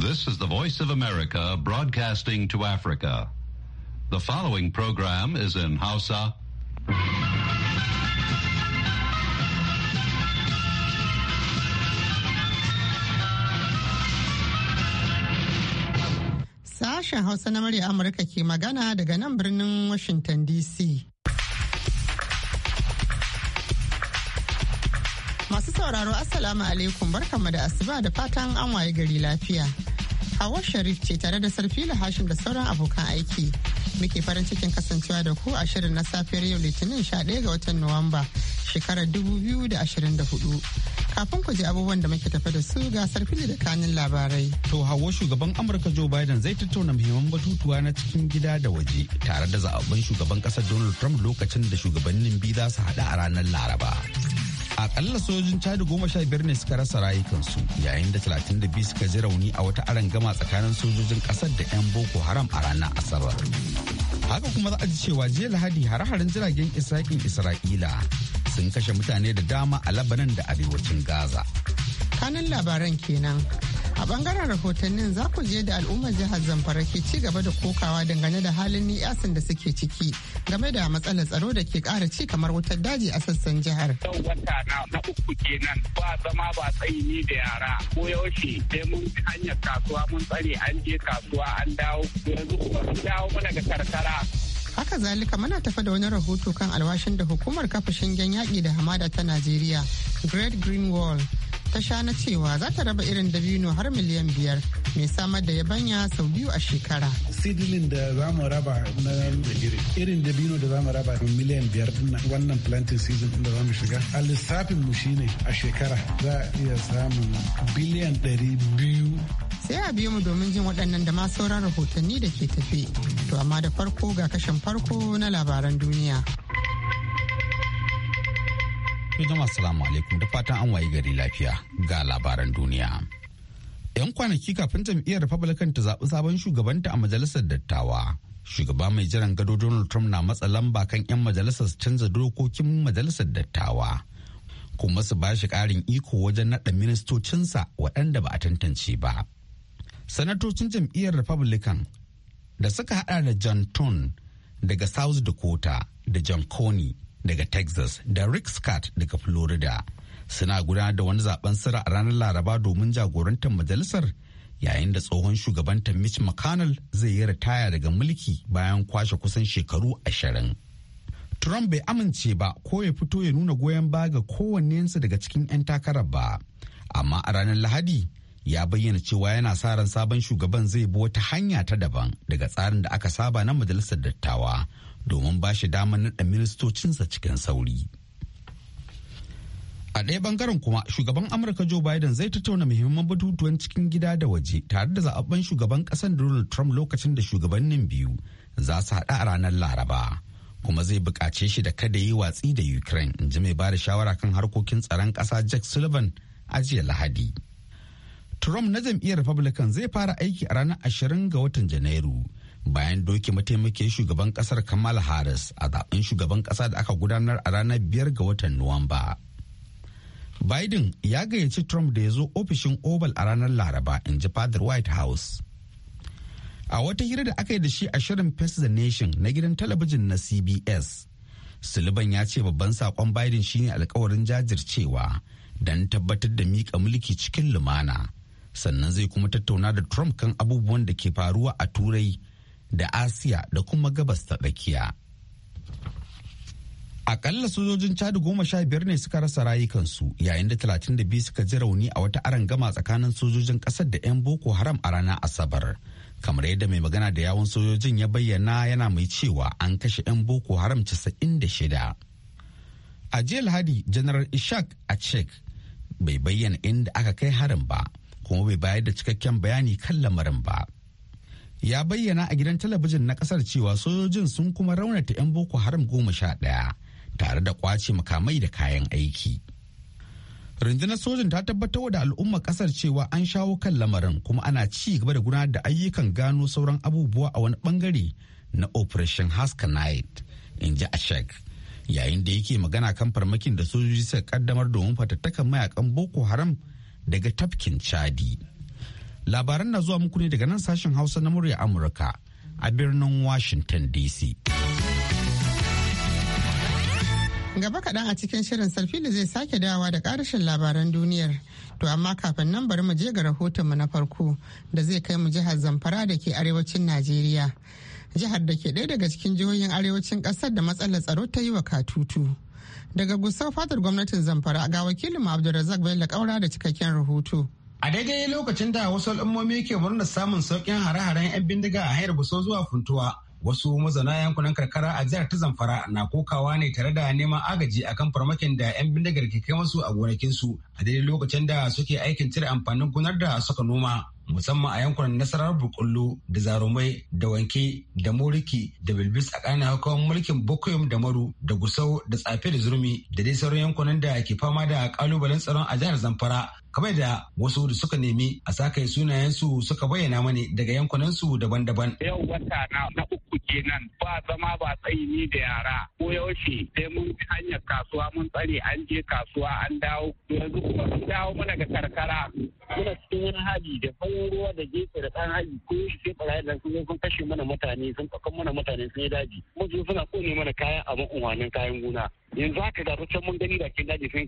This is the Voice of America broadcasting to Africa. The following program is in Hausa. Sashen Hausa na murya Amurka ke magana daga nan birnin Washington DC. Masu sauraro Assalamu alaikum barkanmu da asuba da fatan an waye gari lafiya. Hawa Sharif ce tare da Sarfila Hashim da sauran abokan aiki. Muke farin cikin kasancewa da ku a shirin na safiyar yau Litinin 11 ga watan Nuwamba shekarar 2024. Kafin ku ji abubuwan da muke tafi da su ga Sarfila da kanin labarai. To Hawa shugaban Amurka Joe Biden zai tattauna muhimman batutuwa na cikin gida da waje tare da zaɓen shugaban ƙasar Donald Trump lokacin da shugabannin biyu za su haɗa a ranar Laraba. akalla sojin chad goma sha biyar ne suka rasa rayukansu yayin da talatin da biyu suka ji rauni a wata arangama tsakanin sojojin kasar da 'yan boko haram a ranar asabar haka kuma za a ji cewa jiya lahadi hare-haren jiragen isra'il isra'ila sun kashe mutane da dama a labanan da arewacin gaza kanan labaran kenan a bangaren rahotannin za ku je da al'ummar jihar zamfara ke ci gaba da kokawa dangane da halin niyasin da suke ciki game da matsalar tsaro da ke kara ci kamar wutar daji a sassan jihar. yau wata na uku kenan ba zama ba tsayi ni da yara ko yaushe sai mun hanyar kasuwa mun tsare an je kasuwa an dawo yanzu kuma sun dawo mana ga karkara haka zalika muna tafa da wani rahoto kan alwashin da hukumar kafa shingen yaƙi da hamada ta najeriya great green wall ta sha na cewa za ta raba irin dabino har miliyan biyar mai samar da yabanya sau biyu a shekara. Seedling da za mu raba na irin dabino da za mu raba miliyan biyar din wannan planting season da za mu shiga. A lissafin mu shine a shekara za a iya samun biliyan ɗari biyu. Sai a biyo mu domin jin waɗannan da ma sauran rahotanni da ke tafe. To amma da farko ga kashin farko na labaran duniya. wabarakatuh jama'a salamu alaikum da fatan an waye gari lafiya ga labaran duniya. 'Yan kwanaki kafin jam'iyyar Republican ta zaɓi sabon shugabanta a majalisar dattawa. Shugaba mai jiran gado Donald Trump na matsa lamba kan 'yan majalisar su canza dokokin majalisar dattawa. Kuma su ba shi ƙarin iko wajen naɗa ministocinsa waɗanda ba a tantance ba. Sanatocin jam'iyyar Republican da suka haɗa da John Tone daga South Dakota da John Coney daga Texas da Rick Scott daga Florida suna gudanar da wani zaben sira a ranar Laraba domin jagorantar majalisar yayin da tsohon shugabanta Mitch McConnell zai yi ritaya daga mulki bayan kwashe kusan shekaru ashirin. Trump bai amince ba ko ya fito ya nuna goyon baya ga kowannensu daga cikin 'yan takarar ba, amma a ranar Lahadi ya bayyana cewa yana sa ran sabon shugaban zai bi wata hanya ta daban daga tsarin da aka saba na majalisar dattawa domin ba shi damar naɗa ministocinsa cikin sauri. A ɗaya bangaren kuma shugaban Amurka Joe Biden zai tattauna muhimman batutuwan cikin gida da waje tare da zaɓaɓɓen shugaban ƙasar Donald Trump lokacin da shugabannin biyu za su haɗa a ranar Laraba. Kuma zai buƙace shi da kada yi watsi da Ukraine in ji mai ba da shawara kan harkokin tsaron ƙasa Jack Sullivan a jiya Lahadi. Trump na jam'iyyar Republican zai fara aiki a ranar 20 ga watan Janairu. bayan doke mataimakin shugaban kasar Kamal Harris a zaben shugaban kasa da aka gudanar a ranar biyar ga watan Nuwamba. Biden ya gayyaci Trump da ya zo ofishin Oval a ranar Laraba in ji fadar White House. A wata hira da aka yi da shi a shirin Face the Nation na gidan talabijin na CBS, Sullivan ya ce babban saƙon Biden shine alkawarin jajircewa don tabbatar da mika mulki cikin lumana. Sannan zai kuma tattauna da Trump kan abubuwan da ke faruwa a Turai da asiya da kuma gabas ta tsakiya akalla sojojin chad goma sha biyar ne suka rasa rayukansu yayin da talatin da biyu suka ji rauni a wata gama tsakanin sojojin kasar da 'yan boko haram a ranar asabar kamar yadda mai magana da yawon sojojin ya bayyana yana mai cewa an kashe 'yan boko haram casa'in da shida. a jiya lahadi Janaral ishak a cek bai bayyana inda aka kai harin ba kuma bai bayar da cikakken bayani kan lamarin ba ya bayyana a gidan talabijin na kasar cewa sojojin sun kuma raunata 'yan boko haram goma sha ɗaya tare da kwace makamai da kayan aiki rundunar sojin ta tabbatar da al'umma kasar cewa an shawo kan lamarin kuma ana ci gaba da gudanar da ayyukan gano sauran abubuwa a wani bangare na operation haska night in ji ashek yayin da yake magana kan farmakin da sojoji suka kaddamar domin fatattakan mayakan boko haram daga tafkin chadi. Labaran na zuwa muku ne daga nan sashen Hausa na murya Amurka a birnin Washington DC. Gaba kaɗan a cikin shirin sarfili zai sake dawa da ƙarashin labaran duniyar. To amma kafin nan bari mu je ga rahoton mu na farko da zai kai mu jihar Zamfara da ke arewacin Najeriya. Jihar da ke ɗaya daga cikin jihohin arewacin ƙasar da matsalar tsaro ta yi wa katutu. Daga gusau fatar gwamnatin Zamfara ga wakilin Abdulrazak Bello Kaura da cikakken rahoto. A daidai lokacin da wasu al'ummomi ke murnar samun sauƙin hare-haren 'yan bindiga a hanyar buso zuwa funtuwa, wasu mazauna yankunan karkara a jihar ta zamfara na kokawa ne tare da neman agaji akan farmakin da 'yan bindigar ke kai masu a gonakinsu a daidai lokacin da suke aikin cire amfanin gonar da suka noma. musamman a yankunan nasarar bukullu da zarumai da wanke da moriki da bilbis a ƙananan hukumar mulkin bukuyum da maru da gusau da tsafe da zurumi da dai sauran yankunan da ke fama da kalubalen tsaron a jihar zamfara kamar da wasu da suka nemi a sakaye sunayensu suka bayyana mani daga yankunan su daban-daban. Yau wata na uku kenan ba zama ba tsayi ni da yara ko yaushe sai mun bi hanyar kasuwa mun tsare an je kasuwa an dawo yanzu kuma sun dawo mana ga karkara muna cikin wani hali da jirgin ruwa da gefe da ɗan haji ko shi sai ɓarayi da sun sun kashe mana mutane sun ɗaukan mana mutane sun yi daji. Mu suna kone mana kayan abin umarnin kayan gona. yanzu haka ga can mun gani bakin daji sai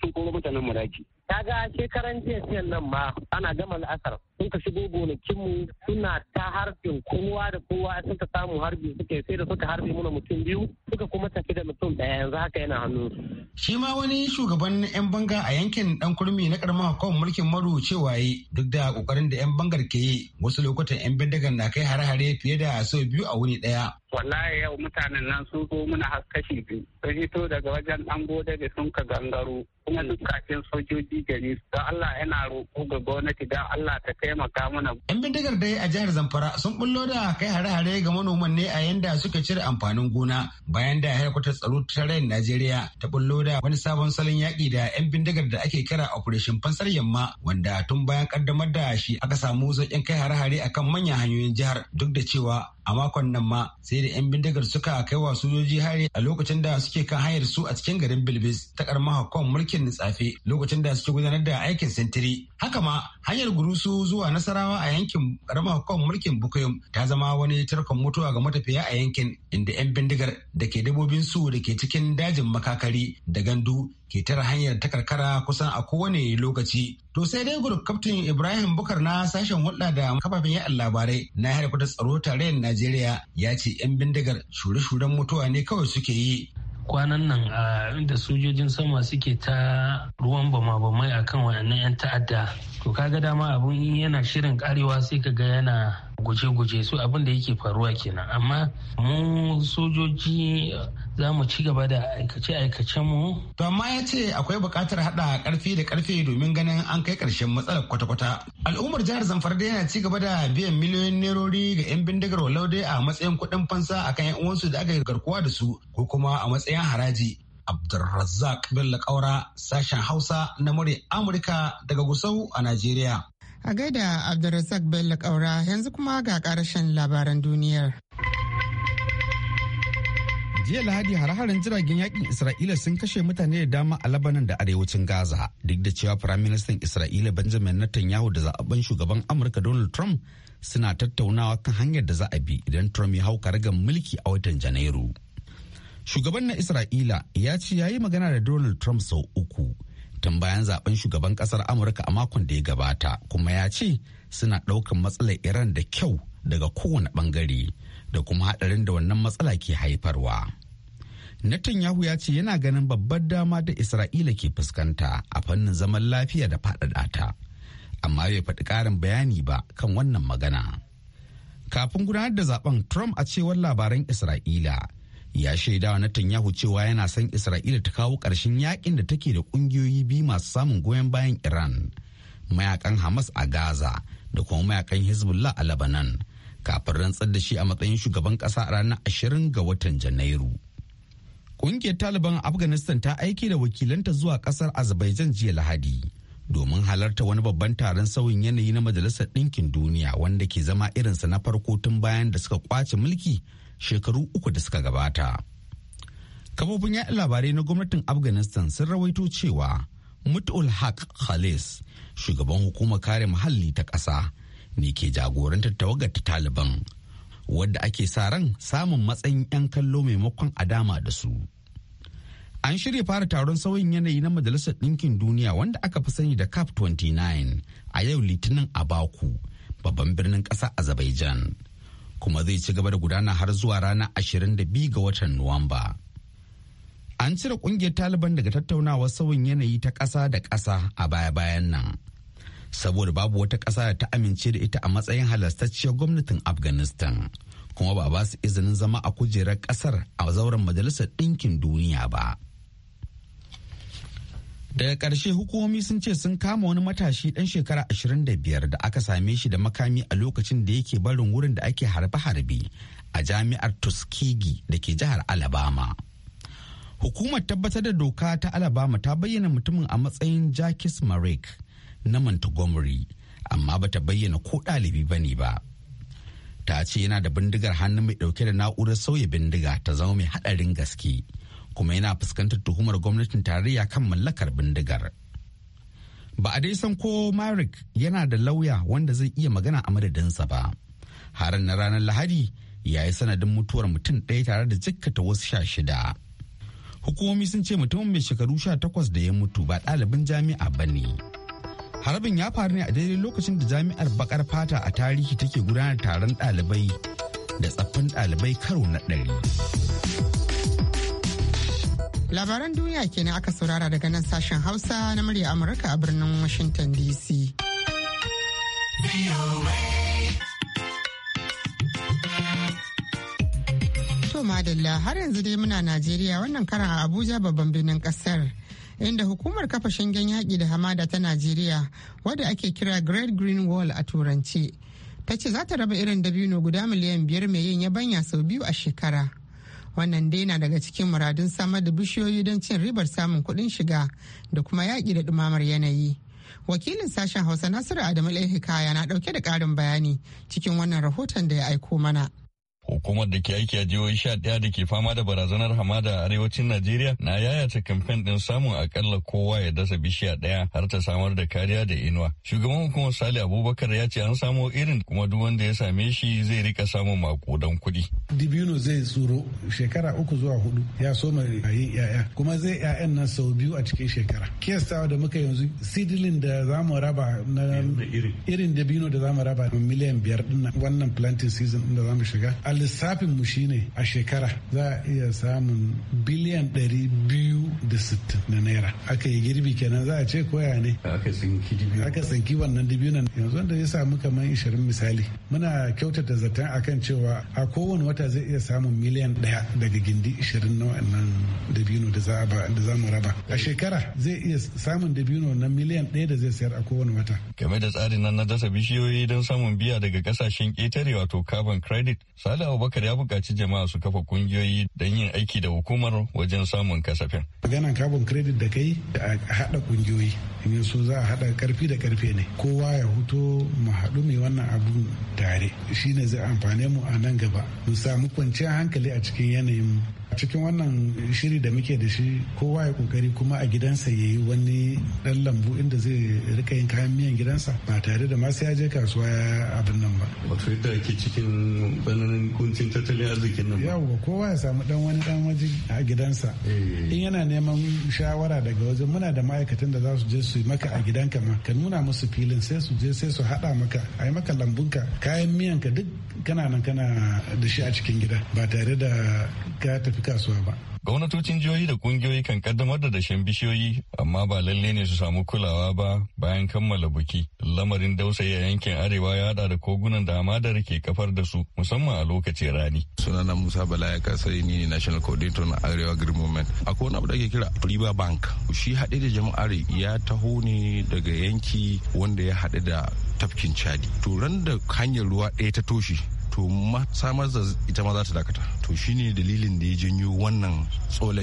sun koro mutanen maraki. Kaga shekaran jiya siyan nan ma ana gama la'asar sun ka shigo gonakinmu suna ta harbin kowa da kowa sun ka samu harbi suke, sai da suka harbi muna mutum biyu suka kuma tafi da mutum daya yanzu haka yana hannu. Shi ma wani shugaban 'yan banga a yankin dan kurmi na karamar hukumar mulkin Maru cewa yi duk da kokarin da 'yan bangar ke yi wasu lokutan 'yan bindigar na kai hare-hare fiye da sau biyu a wuni daya wallahi yau mutanen nan sun zo mana har kashi biyu sun hito daga wajen ɗan gode da sun ka gangaro kuma dukkanin sojoji gari da Allah yana roƙo ga gwamnati da Allah ta taimaka mana. Yan bindigar dai a jihar Zamfara sun bullo da kai hare-hare ga manoman ne a yanda suka cire amfanin gona bayan da harkar tsaro ta rayan Najeriya ta bullo da wani sabon salon yaƙi da yan bindigar da ake kira Operation Fansar Yamma wanda tun bayan kaddamar da shi aka samu sauƙin kai hare-hare a kan manyan hanyoyin jihar duk da cewa a makon nan ma sai da 'yan bindigar suka kai wa sojoji hari a lokacin da suke kan hanyar su a cikin garin bilbis ta karamar hukumar mulki aikin Nitsafe lokacin da suke gudanar da aikin sintiri. Haka ma hanyar gurusu zuwa Nasarawa a yankin karamar hukumar mulkin Bukuyum ta zama wani tarkon mutuwa ga matafiya a yankin inda 'yan bindigar da ke dabobin su da ke cikin dajin makakari da gandu ke tara hanyar ta karkara kusan a kowane lokaci. To sai dai gudu kaftin Ibrahim Bukar na sashen hulɗa da kafafen yaɗa labarai na harkar tsaro tarayyar Najeriya ya ce 'yan bindigar shure-shuren mutuwa ne kawai suke yi kwanan nan a inda sojojin sama suke ta ruwan bama-bamai akan waɗannan 'yan ta'adda to kaga dama abun yana shirin karewa sai ka ga yana guje-guje su abin da yake faruwa kenan amma mu sojoji za mu ci gaba da aikace-aikacen mu. To amma ya ce akwai buƙatar haɗa ƙarfi da ƙarfi domin ganin an kai ƙarshen matsalar kwata-kwata. Al'ummar jihar Zamfara dai yana ci gaba da biyan miliyoyin nerori ga 'yan bindigar walaude a matsayin kuɗin fansa a kan 'yan uwansu da aka garkuwa da su ko kuma a matsayin haraji. Abdulrazzaq Bello Kaura sashen Hausa na murya Amurka daga Gusau a Najeriya. A gaida Abdulrazak Bello Kaura yanzu kuma ga karashen labaran duniyar. jiya lahadi har jiragen yakin isra'ila sun kashe mutane da dama a labanan da arewacin gaza duk da cewa firaministan isra'ila benjamin netanyahu da zaɓen shugaban amurka donald trump suna tattaunawa kan hanyar da za a bi idan trump ya hau karagar mulki a watan janairu shugaban na isra'ila ya ce ya yi magana da donald trump sau uku tun bayan zaben shugaban kasar amurka a makon da ya gabata kuma ya ce suna ɗaukan matsalar iran da kyau daga kowane ɓangare da kuma haɗarin da wannan matsala ke haifarwa Netanyahu ya ce yana ganin babbar dama da Isra'ila ke fuskanta a fannin zaman lafiya da faɗaɗa ta, amma bai faɗi ƙarin bayani ba kan wannan magana. Kafin gudanar da zaben Trump a cewar labaran Isra'ila ya shaidawa Netanyahu cewa yana son Isra'ila ta kawo ƙarshen yakin da take da ƙungiyoyi biyu masu samun goyon bayan Iran, mayakan Hamas a Gaza da kuma mayakan Hezbollah a labanan kafin rantsar da shi a matsayin shugaban ƙasa a ranar 20 ga watan Janairu. Ƙungiyar Taliban Afghanistan ta aiki da wakilanta zuwa ƙasar Azerbaijan jiya Lahadi domin halarta wani babban taron sauyin yanayi na Majalisar Ɗinkin Duniya wanda ke zama irinsa na farko tun bayan da suka kwace mulki shekaru uku da suka gabata. Kafofin 'ya'yan labarai na gwamnatin Afghanistan sun rawaito cewa Mut'ul Haq Khalis, shugaban hukumar kare muhalli ta ƙasa, ne ke jagorantar tawagar ta Taliban, wadda ake sa ran samun matsayin 'yan kallo maimakon adama da su. An shirya fara taron sauyin yanayi na Majalisar Ɗinkin Duniya wanda aka fi sani da CAP 29 a yau Litinin a Baku, babban birnin ƙasa Azerbaijan. kuma zai ci gaba da gudana har zuwa ranar 22 ga watan Nuwamba. An cire kungiyar Taliban daga tattaunawar sauyin yanayi ta ƙasa da ƙasa a baya-bayan nan. Saboda babu wata ƙasa da ta amince da ita a matsayin halastacciyar gwamnatin Afghanistan, kuma ba ba su izinin zama a kujerar ƙasar a zauren Majalisar Ɗinkin Duniya ba. daga ƙarshe hukumomi sun ce sun kama wani matashi ɗan shekara 25 da aka same shi da makami a lokacin da yake barin wurin da ake harbe-harbe a jami'ar tuskegee da ke jihar alabama hukumar tabbatar da doka ta alabama ta bayyana mutumin a matsayin jakis marek na montgomery amma ba ta bayyana ko ɗalibi ba ne ba ta ce yana da bindigar hannu mai ɗauke da na'urar sauya bindiga ta zama mai haɗarin gaske kuma yana fuskantar tuhumar gwamnatin tarayya kan mallakar bindigar. Ba a dai san ko Marik yana da lauya wanda zai iya magana a madadinsa ba. Harin na ranar Lahadi ya yi sanadin mutuwar mutum ɗaya tare da jikkata wasu sha shida. Hukumomi sun ce mutumin mai shekaru sha takwas da ya mutu ba ɗalibin jami'a ba ne. Harbin ya faru ne a daidai lokacin da jami'ar bakar fata a tarihi take gudanar taron ɗalibai da tsaffin ɗalibai karo na ɗari. Labaran duniya kenan aka saurara daga nan sashen Hausa na murya Amurka a birnin Washington DC. To madalla har yanzu dai muna Najeriya wannan karan a Abuja babban birnin kasar. Inda hukumar kafa shingen yaƙi da hamada ta Najeriya wadda ake kira Great Green Wall a Turance, Ta ce za ta raba irin dabino guda miliyan biyar mai yin yabanya sau biyu a shekara. wannan dai na daga cikin muradun samar da bishiyoyi don cin ribar samun kuɗin shiga da kuma yaƙi da ɗumamar yanayi wakilin sashen hausa nasiru adamu hikaya na ɗauke da ƙarin bayani cikin wannan rahoton da ya aiko mana Hukumar da ke aiki a jihohi sha ɗaya da ke fama da barazanar hamada a arewacin Najeriya na yayata kamfen ɗin samun akalla kowa ya dasa bishiya ɗaya har ta samar da kariya da inuwa. Shugaban hukumar Sale Abubakar ya ce an samo irin kuma duk wanda ya same shi zai rika samun makudan kuɗi. Dibino zai tsoro shekara uku zuwa hudu ya soma yaya kuma zai yayan na sau biyu a cikin shekara. Kiyastawa da muka yanzu sidilin da za mu raba na irin dabino da za mu raba miliyan biyar ɗin wannan planting season da za mu shiga. lissafin mu shine a shekara za a iya samun biliyan 260 na naira aka yi girbi kenan za a ce koya ne aka tsinki wannan dubu nan yanzu wanda ya samu kamar ishirin misali muna kyautata zaton akan cewa a kowane wata zai iya samun miliyan daya daga gindi ishirin na wannan dabino da za mu raba a shekara zai iya samun dabino na miliyan daya da zai sayar a kowane wata game da tsarin nan na dasa bishiyoyi don samun biya daga kasashen ƙetare wato carbon credit sale Malam Abubakar ya buƙaci jama'a su kafa ƙungiyoyi don yin aiki da hukumar wajen samun kasafin. Maganan kabon kredit da kai a haɗa ƙungiyoyi yanzu so za a haɗa karfi da karfe ne. Kowa ya huto mu haɗu mai wannan abu tare. shi ne zai amfane mu a nan gaba. Mu samu kwanciyar hankali a cikin yanayin A cikin wannan shiri da muke da shi kowa ya kokari kuma a gidansa ya yi wani dan lambu inda zai rika yin kayan miyan gidansa ba tare da masu ya kasuwa ya abin nan ba wato yadda ake cikin tsananin kuncin tattalin arzikin nan yawwa kowa ya samu dan wani dan waje a gidansa eh. in yana neman shawara daga wajen muna da ma'aikatan da za su je su yi maka a gidanka ma ka nuna musu filin sai su je sai su haɗa maka a yi maka lambunka kayan miyan ka duk kana nan kana da shi a cikin gida ba tare da ka tafi kasuwa ba. Gwamnatocin jihohi da kungiyoyi kan kaddamar da dashen bishiyoyi amma ba lalle ne su samu kulawa ba bayan kammala buki. Lamarin dausayi a yankin arewa ya hada da kogunan da hamadar ke kafar da su musamman a lokacin rani. Sunana Musa Bala ya kasari ni ne National Coordinator na Arewa Green Movement. Akwai wani abu da ake kira River Bank. Shi haɗe da jama'ar ya taho ne daga yanki wanda ya haɗe da tafkin Chadi. To ran da hanyar ruwa ɗaya ta toshe to samar da ita ma za ta dakata to shine dalilin da ya janyo wannan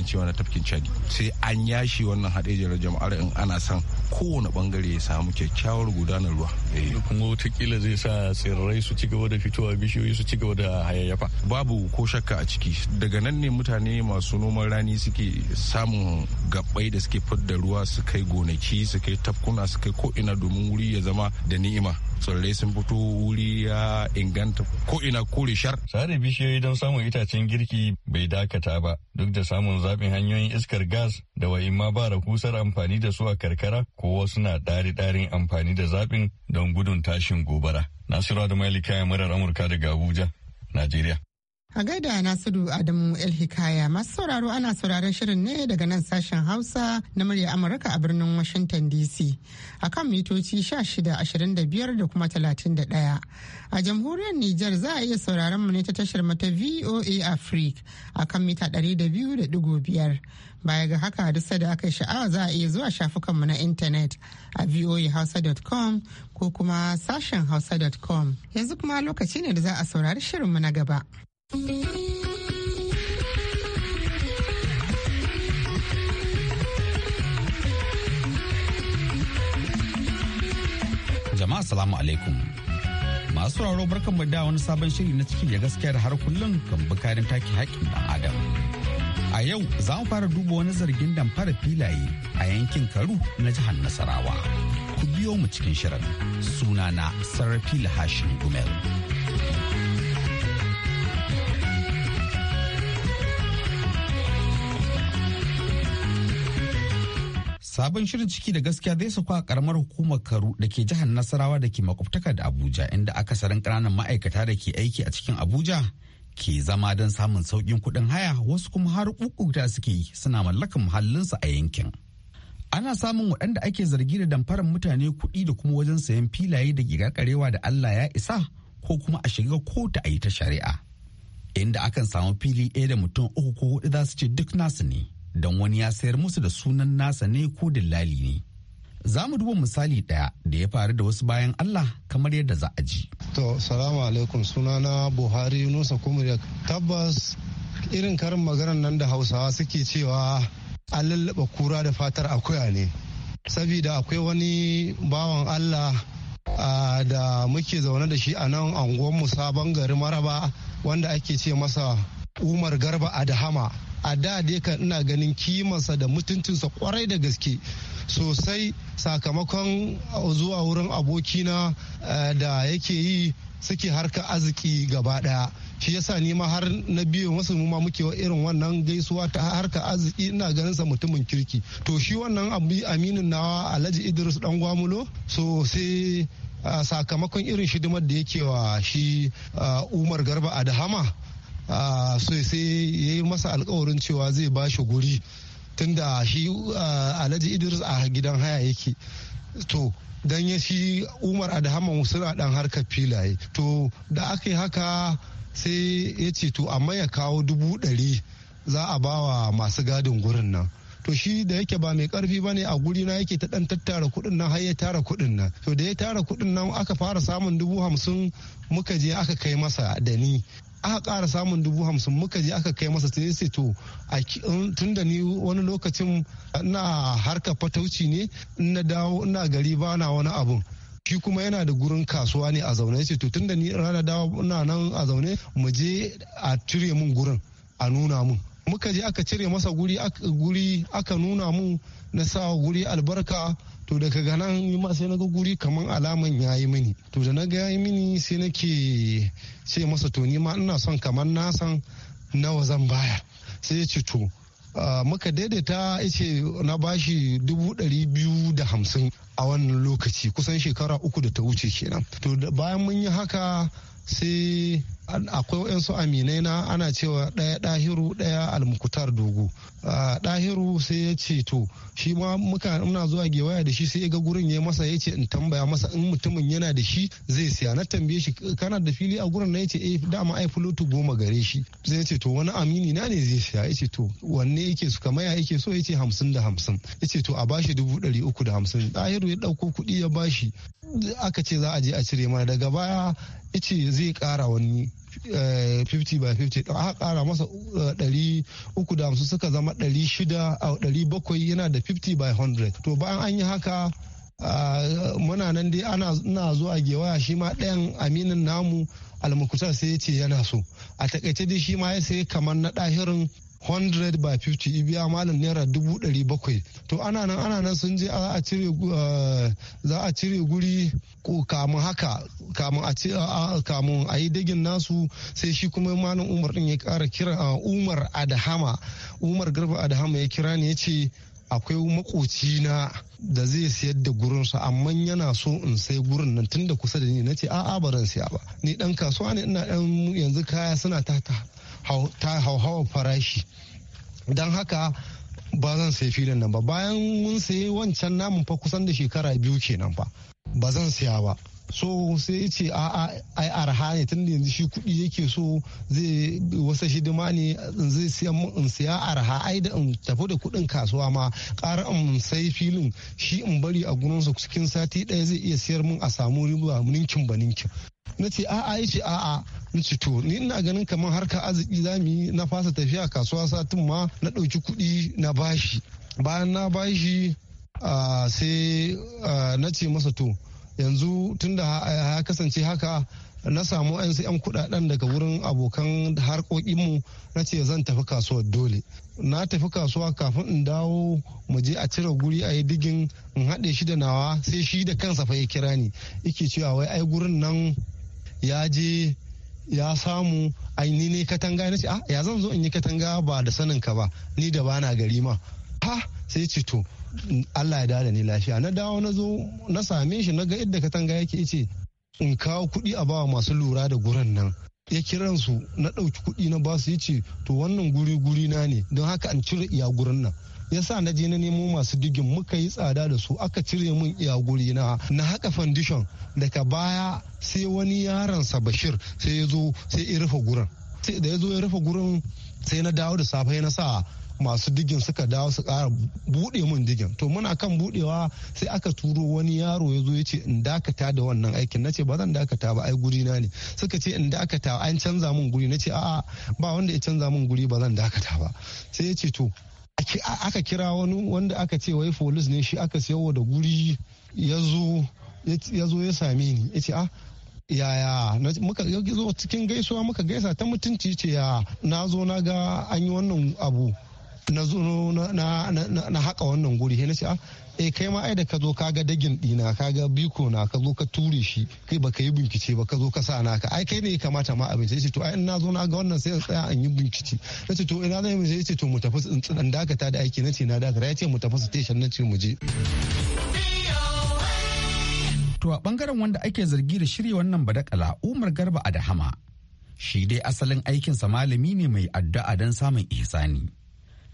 cewa na tafkin chadi sai an yashi wannan haɗejiyar jama'ar in ana son kowane bangare ya samu kyakkyawar gudanar ruwa eh. kuma zai sa tsirrai su ci gaba da fitowa bishiyoyi su ci gaba da hayayyafa babu ko shakka a ciki daga nan ne mutane masu noman rani suke samun gabbai da suke fidda ruwa su kai gonaki su kai tafkuna su kai ko ina domin wuri ya zama da ni'ima tsirrai sun fito wuri ya inganta ko ko'ina kore shar. Sare bishiyoyi don samun itacen girki bai dakata ba duk da samun zaɓin hanyoyin iskar gas da wa'in ma ba rakusar amfani da su a karkara ko wasu na ɗari-ɗarin amfani da zaɓin don gudun tashin gobara. Nasiru da Malika murar Amurka daga Abuja, Najeriya. A gaida Nasiru Adamu El Hikaya masu sauraro ana sauraron shirin ne daga nan sashen Hausa na murya Amurka a birnin Washington DC a kan mitoci 1625 da kuma 31. A jamhuriyar Nijar za a iya sauraron mu ne ta tashar mata VOA Africa a kan mita 200.5. Baya ga haka duk da aka yi sha'awa za a iya zuwa shafukanmu na intanet a voahausa.com ko kuma sashen hausa.com. Yanzu kuma lokaci ne da za a saurari shirin mu na gaba. Jama'a salamu alaikum. Masu sauraro barkan mu wani sabon shiri na cikin da gaskiya da har kullum kan bukarin take haƙƙin ɗan adam. A yau za mu fara duba wani zargin damfara filaye a yankin Karu na jihar Nasarawa. Ku biyo mu cikin shirin sunana Sarrafi Lahashin Gumel. Sabon shirin ciki da gaskiya zai sauka a karamar hukumar Karu da ke jihar Nasarawa da ke makwabtaka da Abuja inda aka sarin ƙananan ma'aikata da ke aiki a cikin Abuja ke zama don samun sauƙin kuɗin haya wasu kuma har kukuta suke yi suna mallakan muhallinsu a yankin. Ana samun waɗanda ake zargi da damfarar mutane kuɗi da kuma wajen sayan filaye da karewa da Allah ya isa ko kuma a shiga kotu a yi ta shari'a. Inda akan samu fili ɗaya da mutum uku ko huɗu za su ce duk nasu ne. don wani ya sayar musu da sunan nasa ne ko dillali ne. Za mu duba misali ɗaya da ya faru da wasu bayan Allah kamar yadda za a ji. To, salamu alaikum sunana Buhari Nusa Kumriya. Tabbas irin karin maganar nan da Hausawa suke cewa an lallaba kura da fatar akuya ne. Sabida akwai wani bawan Allah da muke zaune da shi a nan mu sabon gari maraba wanda ake ce masa Umar Garba Adahama. a da dai kan ina ganin kimansa da mutuncinsa kwarai da gaske sosai sakamakon zuwa wurin abokina eh, da yake yi suke harka arziki gaba daya shi yasa ni ma har na biyu mu ma muke wa irin wannan gaisuwa ta harka arziki ina ganin sa mutumin kirki to shi wannan aminin nawa alhaji idris dan gwamulo so sai eh, sakamakon irin shidimar da yake wa shi eh, umar garba adahama Ah, so sai ya yi masa alkawarin cewa zai ba shi guri tun da shi ah, alhaji idris a gidan haya yake to don ya shi umar adhaman suna dan harkar filaye to da aka yi haka sai ya ce to amma ya kawo dubu ɗari za a ba wa masu gadin gurin nan to shi da yake ba mai karfi ba ne a guri na yake ta dan tattara kuɗin nan har ya tara kuɗin na to da ya tara kuɗin nan aka fara samun dubu hamsin muka je aka kai masa da ni aka ƙara samun dubu hamsin muka je aka kai masa sai sai to tun da ni wani lokacin na harkar fatauci ne na dawo ina gari ba na wani abun shi kuma yana da gurin kasuwa ne a zaune sai to tun da ni rana dawo ina nan a zaune mu je a cire min gurin a nuna mun muka je aka cire masa guri aka nuna mu na sa guri albarka to daga ganan ni ma sai ga guri kaman alaman ya yi mini to da na ga yi mini sai na ke ce masa to ni ma ina son kaman na san nawa zan baya sai ya ce to muka daidaita yace na bashi dubu ɗari biyu da hamsin a wannan lokaci kusan shekara uku da ta wuce kenan to bayan mun yi haka sai akwai waɗansu aminai na ana cewa ɗaya ɗahiru ɗaya almukutar dogo ɗahiru sai ya ce to shi ma muka muna zuwa gewaya da shi sai ga gurin ya masa ya ce in tambaya masa in mutumin yana da shi zai siya na tambaye shi kana da fili a gurin na ya ce eh dama ai fulotu goma gare shi sai ya ce to wani amini na ne zai siya ya ce to wanne yake su kamar ya yake so ya ce hamsin da hamsin ya ce to a bashi dubu ɗari uku da hamsin ɗahiru ya ɗauko kuɗi ya bashi aka ce za a je a cire mana daga baya ya ce zai ƙara wani 50 by 50 ɗan aka ƙara masa 350 uh, suka zama 600 a 700 yana da 50 by 100 to bayan an yi haka uh, muna nan dai ana zuwa gewaya shi ma ɗayan aminin namu almakutar sai ya ce yana so a takaice dai shi ma ya sai kamar na ɗahirin 100 by 50 ibiya malam naira dubu ɗari bakwai to ana nan ana nan sun je za a cire guri ko kamun haka kamun a kamun a yi dagin nasu sai shi kuma malam umar din ya kara kira umar adahama umar garba adahama ya kira ne ya ce akwai makoci na da zai sayar da sa amma yana so in sai gurin nan tunda kusa da ni nace a'a ba siya ba ni dan kasuwa ne ina dan yanzu kaya suna tata ta hauhawar farashi don haka ba zan sai filin nan ba bayan mun sayi wancan namun fa kusan da shekara biyu kenan fa ba zan saya ba so sai ya ce a ai arha ne tun da yanzu shi kuɗi yake so zai wasa hidima ne zai siya in siya arha ai da in tafi da kuɗin kasuwa ma ƙara in sai filin shi in bari a gurinsa cikin sati ɗaya zai iya siyar min a samu riba ninkin ba ninkin na ce a'a ya ce a'a na ce to ni ina ganin kamar harka arziki za mu yi na fasa tafiya kasuwa satin ma na ɗauki kuɗi na bashi bayan na bashi sai na ce masa to yanzu tunda ya kasance haka na samu sai 'yan kudaden daga wurin abokan harkokinmu na ce zan tafi kasuwar dole na tafi kasuwa kafin in dawo mu je a cire guri a yi digin in haɗe shi da nawa sai shi da kansa fa ya kira ni yake cewa wai ai gurin nan ya je ya samu aini ne katanga na ce ah ya zan zo in yi katanga ba da sanin ka ba ni da bana gari ma ha sai ce to Allah ya dada ni lafiya na dawo na zo na same shi na ga yadda katanga yake ce in kawo kuɗi a bawa masu lura da guran nan ya kiran su na ɗauki kuɗi na basu ya ce to wannan guri guri na ne don haka an cire iya gurin nan yasa na je na nemo masu digin muka yi tsada da su aka cire min iyaguri na na haka foundation daga baya sai wani yaransa bashir sai ya zo sai ya rufe gurin sai da ya zo ya rufe gurin sai na dawo da safe na sa masu digin suka dawo su kara bude min digin to muna kan budewa sai aka turo wani yaro ya zo ya ce in dakata da wannan aikin nace ba zan dakata ba ai guri na ne suka ce in dakata an canza min guri nace a'a ba wanda ya canza min guri ba zan dakata ba sai ya ce to aka kira wani wanda aka ce wai folis ne shi aka sayo da guri ya zo ya same ni ya ce ah, yaya muka zo cikin gaisuwa muka gaisa ta mutunci ce ya na zo na ga an yi wannan abu na na haka wannan guri sai na ce ah, eh kai ma ai da ka zo ka ga dagin dina ka ga biko na ka zo ka ture shi kai ba ka yi bincike ba ka zo ka sa naka ai kai ne ya kamata ma abin sai ce to ai in na zo na ga wannan sai in tsaya an yi bincike na ce to ina zai mu sai ce to mu tafi in dakata da aiki na ce na dakata ya ce mu tafi station na ce mu je to a bangaren wanda ake zargi da shirya wannan badakala Umar Garba Adahama shi dai asalin aikinsa malami ne mai addu'a don samun ihsani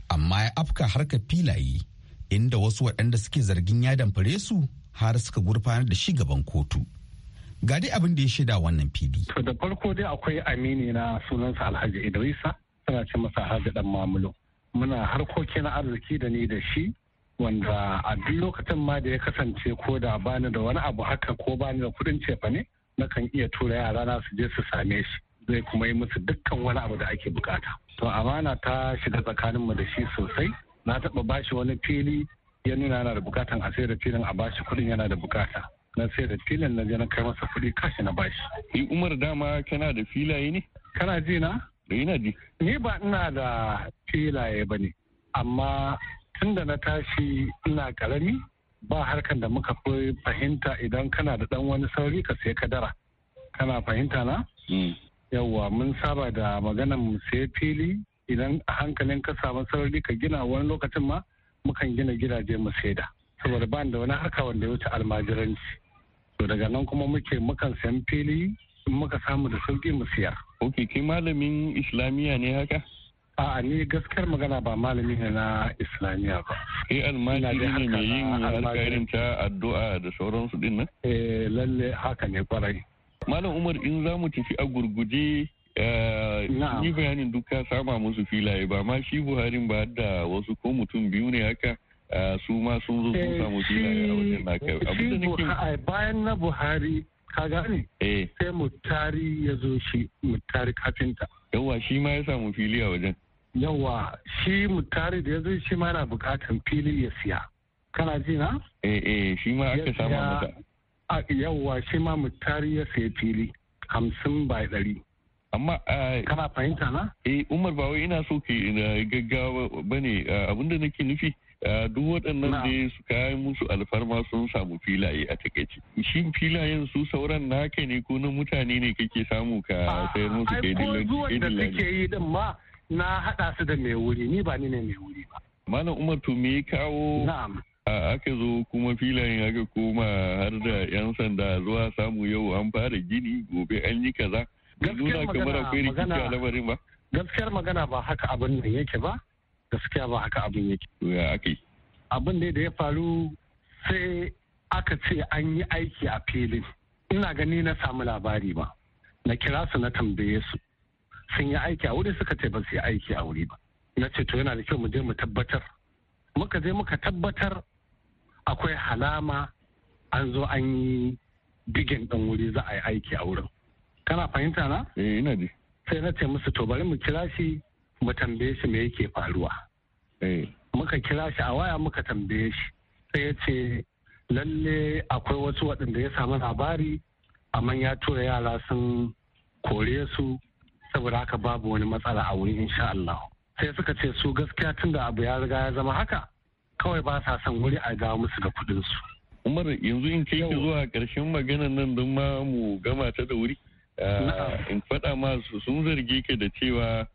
amma ya afka harka filaye inda wasu waɗanda suke zargin ya damfare su har suka gurfanar da shi gaban kotu. Ga abin da ya shaida wannan fili. To da farko dai akwai amini na sunansa Alhaji Idrisa suna ce masa Alhaji dan Mamulo. Muna harkoki na arziki da ni da shi wanda a duk lokacin ma da ya kasance ko da bani da wani abu haka ko bani da kuɗin cefa ne nakan iya tura yara na su je su same shi zai kuma yi musu dukkan wani abu da ake bukata. to amana ta shiga tsakaninmu da shi sosai na taɓa bashi wani fili ya nuna yana da bukatan a sayar da filin a bashi kuɗin yana da bukata na sayar da filin na je na kai masa kuɗi kashi na bashi. Yi Umar dama kana da filaye ne? Kana ji na? Da yana ji. Ni ba ina da filaye ba ne amma tun da na tashi ina karami ba harkan da muka fi fahimta idan kana da dan wani sauri ka sai kadara. Kana fahimta na? Mm. yawwa mun saba da maganan mu sai fili idan a hankalin ka samu sarari ka gina wani lokacin ma mukan gina gidaje mu saida saboda ba da wani harka wanda ya wuce almajiranci to daga nan kuma muke mukan sayan fili in muka samu da sauki mu siyar ok kai malamin islamiyya ne haka A'a ni gaskiyar magana ba malami ne na Islamiyya ba. Kai almajiri ne mai yin alƙairin ta addu'a da sauransu din nan? Eh lalle haka ne kwarai. malam umar in za mu tafi a gurguje yi eh, bayanin duka sama musu filaye ba ma shi buharin ba da wasu ko mutum biyu ne haka eh, su ma sun zo sun eh, samu filaye a wajen naka abinda nake bayan na buhari ka gani sai mutari ya zo shi mutari kafinta yawa shi ma ya samu fili a wajen yawa shi mutari da ya zo shi ma na bukatan fili ya siya kana ji na eh eh shi ma aka samu masa a yawwa shi ma mu tari ya sai fili hamsin bai dari. amma kana fahimta na eh umar ba wai ina so ke gaggawa bane abinda nake nufi duk waɗannan da su kayan musu alfarma sun samu filaye a takaice shin filayen su sauran naka ne ko na mutane ne kake samu ka sayar musu kai dillan ko da suke yi din ma na haɗa su da mai wuri ni ba ni ne mai wuri ba malam umar to me ya kawo aka zo kuma filayen aka koma har da 'yan sanda zuwa samu yau an fara gini gobe an yi kaza nuna kamar akwai rikici a lamarin ba gaskiyar magana ba haka abin da yake ba gaskiya ba haka abin yake ya aka yi abin da ya faru sai aka ce an yi aiki a filin ina gani na samu labari ba na kira su na tambaye su sun yi aiki a wuri suka ce ba su yi aiki a wuri ba na ce to yana da kyau mu je mu tabbatar muka je muka tabbatar akwai halama an zo an yi digin ɗan wuri za a yi aiki a wurin kana fahimta na? eh ina ji sai na ce musu to bari mu kira shi mu tambaye shi me yake faruwa eh. muka kira shi a waya muka tambaye shi sai ya ce lalle akwai wasu waɗanda ya samu labari amma ya tura yara sun kore su saboda haka babu wani matsala a wuri insha Allah sai suka ce su gaskiya tunda abu ya riga ya zama haka kawai ba sa son wuri a ga musu da kuɗin su. Umar yanzu in kai zuwa ƙarshen maganar nan don ma mu gama ta da wuri. Ah, in faɗa ma sun zarge ka da cewa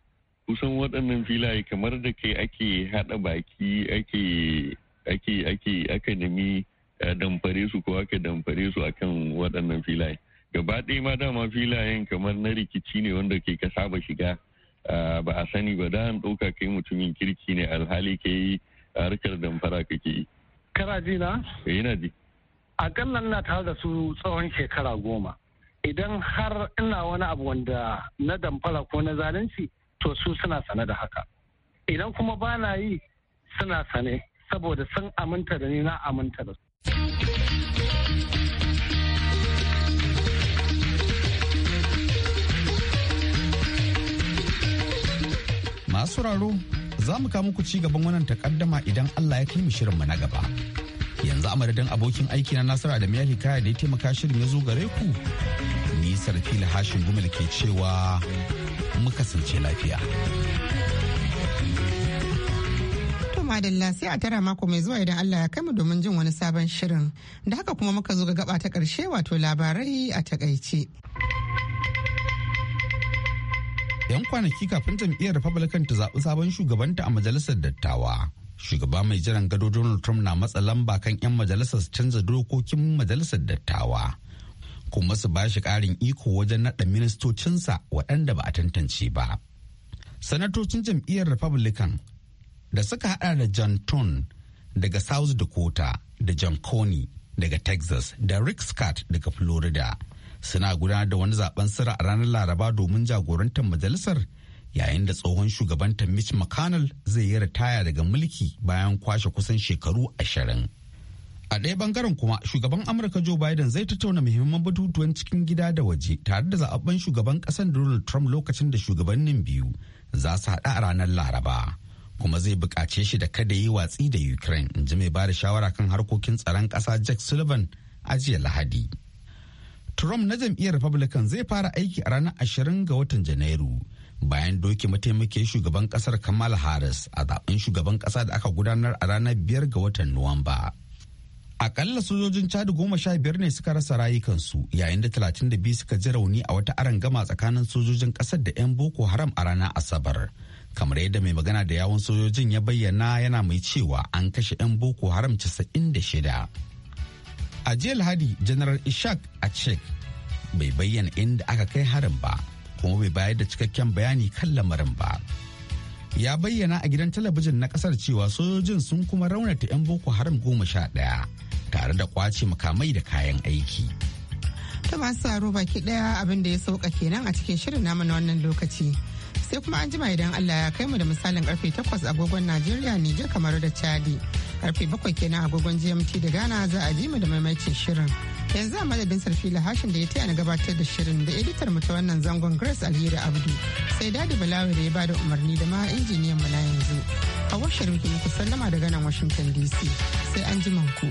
kusan waɗannan filaye kamar da kai ake haɗa baki ake ake ake aka nemi ah, damfare su ko aka damfare su akan waɗannan filaye. Gaba ɗaya ma dama filayen kamar na rikici ne wanda ke ka saba shiga ah, ba a sani ba da an ɗauka kai mutumin kirki ne alhali kai a da damfara kake yi Kara ji na yana eh, ji akalla ina tare da su tsawon shekara goma idan har ina wani abu wanda na damfara ko na zalunci to su suna sane da haka idan kuma ba na yi suna sane saboda sun aminta da ni na aminta da su masu raro Za mu kawo muku ci gaban wannan takaddama idan Allah ya kai mu shirin mu na gaba. Yanzu a madadin abokin aiki na Nasiru Adamu ya hikaya da ya taimaka shirin ya zo gare ku. Ni Sarfila Hashin Gumal ke cewa mu kasance lafiya. madalla sai a tara mako mai zuwa idan Allah ya kai mu domin jin wani sabon shirin. Da haka kuma muka zo ga gaba ta karshe wato labarai a takaice. 'yan kwanaki kafin jam'iyyar republican ta zaɓi sabon shugabanta a majalisar dattawa shugaba mai jiran gado donald trump na matsa lamba kan 'yan majalisar su canza dokokin majalisar dattawa kuma su ba shi ƙarin iko wajen naɗa ministocinsa waɗanda ba a tantance ba sanatocin jam'iyyar republican da suka hada da john tone daga south dakota da john coney daga texas da rick scott daga florida suna gudanar da wani zaben sira a ranar laraba domin jagorantar majalisar yayin da tsohon shugabantar mitch mcconnell zai yi ritaya daga mulki bayan kwashe kusan shekaru ashirin a ɗaya bangaren kuma shugaban amurka joe biden zai tattauna muhimman batutuwan cikin gida da waje tare da zaɓaɓɓen shugaban ƙasar donald trump lokacin da shugabannin biyu za su haɗa a ranar laraba kuma zai buƙace shi da kada yi watsi da ukraine in ji mai bada shawara kan harkokin tsaron ƙasa jack sullivan a lahadi Trump na jam'iyyar Republican zai fara aiki a ranar 20 ga watan Janairu bayan doki mataimake shugaban kasar Kamala Harris a zaben shugaban kasa da aka gudanar a ranar 5 ga watan Nuwamba. Akalla sojojin Chad goma sha biyar ne suka rasa rayukansu yayin da 32 suka ji rauni a wata aron gama tsakanin sojojin kasar da 'yan Boko Haram a ranar Asabar. kamar yadda mai magana da yawon sojojin ya bayyana yana mai cewa an kashe 'yan boko haram 96 a jiya lahadi janar ishak a cek bai bayyana inda aka kai harin ba kuma bai bayar da cikakken bayani kan lamarin ba ya bayyana a gidan talabijin na kasar cewa sojojin sun kuma raunata 'yan boko haram goma sha ɗaya tare da kwace makamai da kayan aiki ta masu tsaro baki ɗaya abinda ya sauka kenan a cikin shirin namu na wannan lokaci sai kuma an jima idan allah ya kai mu da misalin karfe 8 agogon najeriya niger kamar da chadi karfe bakwai kenan agogon gmt da gana za a ji mu da maimakin shirin yanzu a madadin la hashin da ya taya na gabatar da shirin da editar mu ta wannan zangon grace alheri abdu sai dadi balawi da ya bada umarni da ma injiniyan mu na yanzu a washe rufe ku sallama daga nan washington dc sai an ji ku.